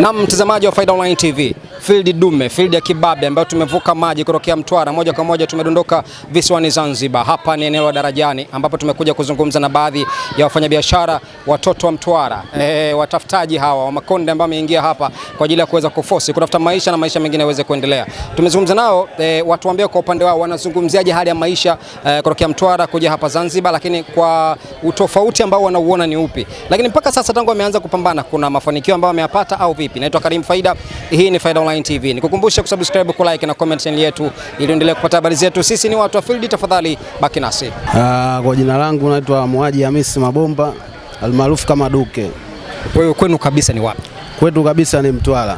na mtazamaji wa Faida Online TV field dume, field ya kibabe ambayo tumevuka maji kutokea Mtwara moja kwa moja tumedondoka visiwani Zanzibar. Hapa ni eneo la Darajani ambapo tumekuja kuzungumza na baadhi ya wafanyabiashara watoto wa Mtwara, e, watafutaji hawa wa makonde ambao wameingia hapa kwa ajili ya kuweza kufosi kutafuta maisha na maisha mengine yaweze kuendelea. Tumezungumza nao e, watuambie kwa upande wao wanazungumziaje hali ya maisha e, kutokea Mtwara kuja hapa Zanzibar, lakini kwa utofauti ambao wanauona ni upi, lakini mpaka sasa tangu wameanza kupambana kuna mafanikio ambayo wameyapata au vipi? Naitwa Karim Faida, hii ni Faida Online TV. Nikukumbusha kusubscribe, ku like na comment channel yetu ili endelee kupata habari zetu. Sisi ni watu wa field, tafadhali baki nasi. Uh, kwa jina langu naitwa Mwaji Hamisi Mabomba almaarufu kama Duke. Kwa hiyo kwenu kabisa ni wapi? Kwetu kabisa ni Mtwara.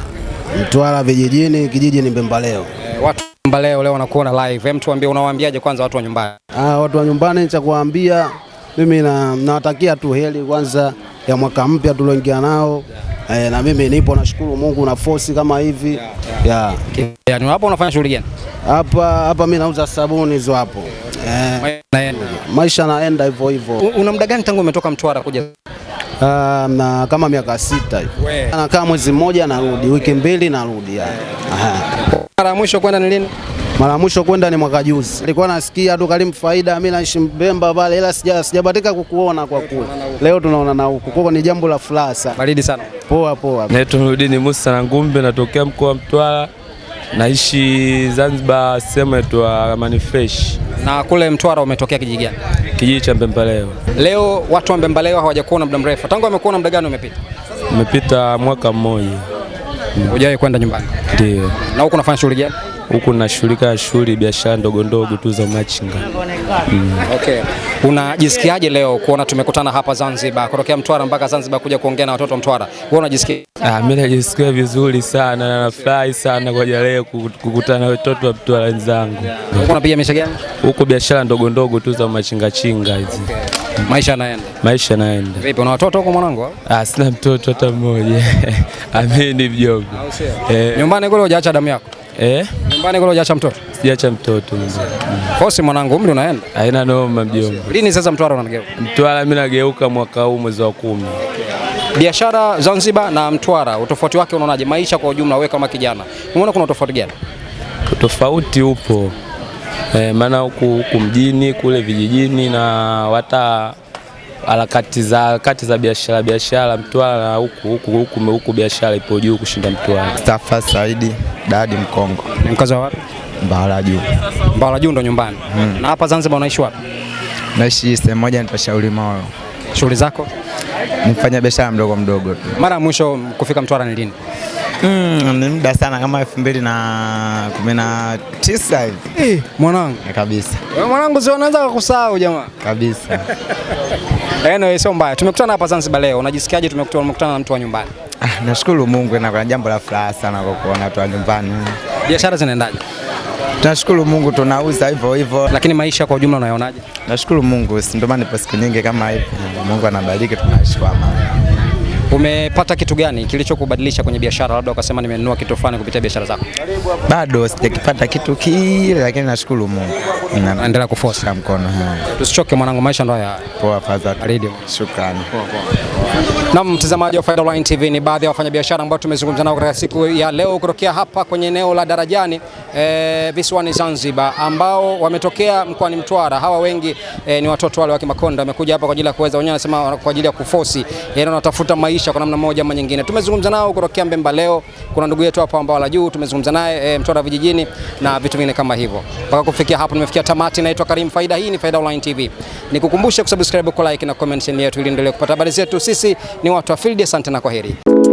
Mtwara vijijini, kijiji ni Mbembaleo. Eh, watu Mbembaleo leo wanakuona live. Hem, tuambie unawaambiaje kwanza watu wa nyumbani? Ah, watu wa nyumbani cha kuambia mimi nawatakia na tu heri kwanza ya mwaka mpya tulioingia nao E, na mimi nipo nashukuru Mungu na force kama hivi yeah, yeah. Yeah. Yeah, hapo unafanya shughuli gani? Hapa hapa mimi nauza sabuni hizo hapo. yeah. E, naenda. Maisha naenda hivyo hivyo. Una muda gani tangu umetoka Mtwara kuja? Uh, na kama miaka sita hivi. Nakaa mwezi mmoja narudi, Wiki mbili narudi yani. Mara mwisho kwenda ni lini? Mara mwisho kwenda ni mwaka juzi, nilikuwa nasikia tu Karim Faida, mimi naishi Mbemba pale, ila sija sijabatika kukuona kwa kuwa leo tunaona na huku, kwa ni jambo la furaha sana. Baridi sana. Poa poa. Naitwa Nurudini Musa Ngumbe, natokea mkoa wa Mtwara, naishi Zanzibar, sehemu inaitwa Amani Fresh. Na kule Mtwara umetokea kijiji gani? Kijiji cha Mbembaleo. Leo watu wa leo hawajakuona muda mrefu, tangu wamekuona muda gani umepita? Umepita mwaka mmoja. Hujawahi kwenda nyumbani? Ndio. Na huko unafanya shughuli gani? huku nashughulika shughuli biashara ndogo ndogo tu za machinga mm. Okay. Unajisikiaje leo kuona tumekutana hapa Zanzibar kutokea Mtwara mpaka Zanzibar kuja kuongea na watoto wa Mtwara? Wewe unajisikia? Ah, mimi najisikia vizuri sana na nafurahi sana kwa ajili leo kukutana na watoto wa Mtwara wenzangu. Huko unapiga biashara gani? Huko biashara ndogo ndogo tu za machinga chinga hizi. Okay. Maisha yanaenda. Maisha yanaenda. Vipi una watoto huko mwanangu? Ah, sina mtoto hata mmoja. Amini mjomba. Eh. Nyumbani kule hujaacha damu yako? Eh. Nyumbani kule hujaacha mtoto? Sijaacha mtoto. Kosi mwanangu, umri unaenda? Haina noma mjomba. Lini sasa Mtwara unageuka? Mtwara mimi nageuka mwaka huu mwezi wa kumi. Biashara Zanzibar na Mtwara utofauti wake unaonaje? Maisha kwa ujumla, wewe kama kijana unaona kuna utofauti gani? Tofauti upo eh, maana huku mjini kule vijijini na hata harakati za harakati za biashara biashara Mtwara na huku huku huku huku biashara ipo juu kushinda Mtwara. Mustafa Saidi Dadi Mkongo. Ni mkazi wa wapi? Mbagala Juu. Mbagala Juu ndo nyumbani. Hmm. Na hapa Zanzibar unaishi wapi? Naishi sehemu moja Shauri moyo. Shughuli zako? Nifanya biashara mdogo mdogo Mara mwisho kufika Mtwara ni lini? Mm, ni muda sana kama elfu mbili na kumi na tisa hivi. Eh, mwanangu. Eh, kabisa. Wewe mwanangu sio unaanza kukusahau jamaa. Kabisa. Anyway, sio mbaya. Tumekutana hapa Zanzibar leo. Unajisikiaje tumekutana na mtu wa nyumbani? Ah, nashukuru Mungu na kwa jambo la furaha sana kwa kuona watu wa nyumbani. Biashara zinaendaje? Tunashukuru Mungu tunauza hivyo hivyo. Lakini maisha kwa ujumla unayaonaje? Nashukuru Mungu, ndio maana nipo siku nyingi kama hivi. Mungu anabariki tunaishi kwa amani. Umepata kitu gani kilichokubadilisha kwenye biashara, labda ukasema nimenunua kitu fulani kupitia biashara zako? Bado sijakipata kitu kile, lakini nashukuru Mungu. Naendelea kuforce mkono. Tusichoke mwanangu, maisha ndio haya. Poa fadhali. Shukrani. Na mtazamaji wa Faida Online TV, ni baadhi ya wafanyabiashara ambao tumezungumza nao katika siku ya leo kutokea hapa kwenye eneo la Darajani. Eh, e, visiwani Zanzibar ambao wametokea mkoani Mtwara. Hawa wengi e, ni watoto wale wa Kimakonda wamekuja hapa kwa ajili ya kuweza wenyewe, wanasema kwa ajili ya kufosi, yaani wanatafuta maisha kwa namna moja ama nyingine. Tumezungumza nao kutokea Mbemba leo. Kuna ndugu yetu hapa ambao juu tumezungumza naye e, Mtwara vijijini na vitu vingine kama hivyo. Mpaka kufikia hapo nimefikia tamati. Naitwa Karim Faida, hii ni Faida Online TV. Nikukumbushe kusubscribe, ku like na comment yetu ili endelee kupata habari zetu. Sisi ni watu wa field. Asante na kwaheri.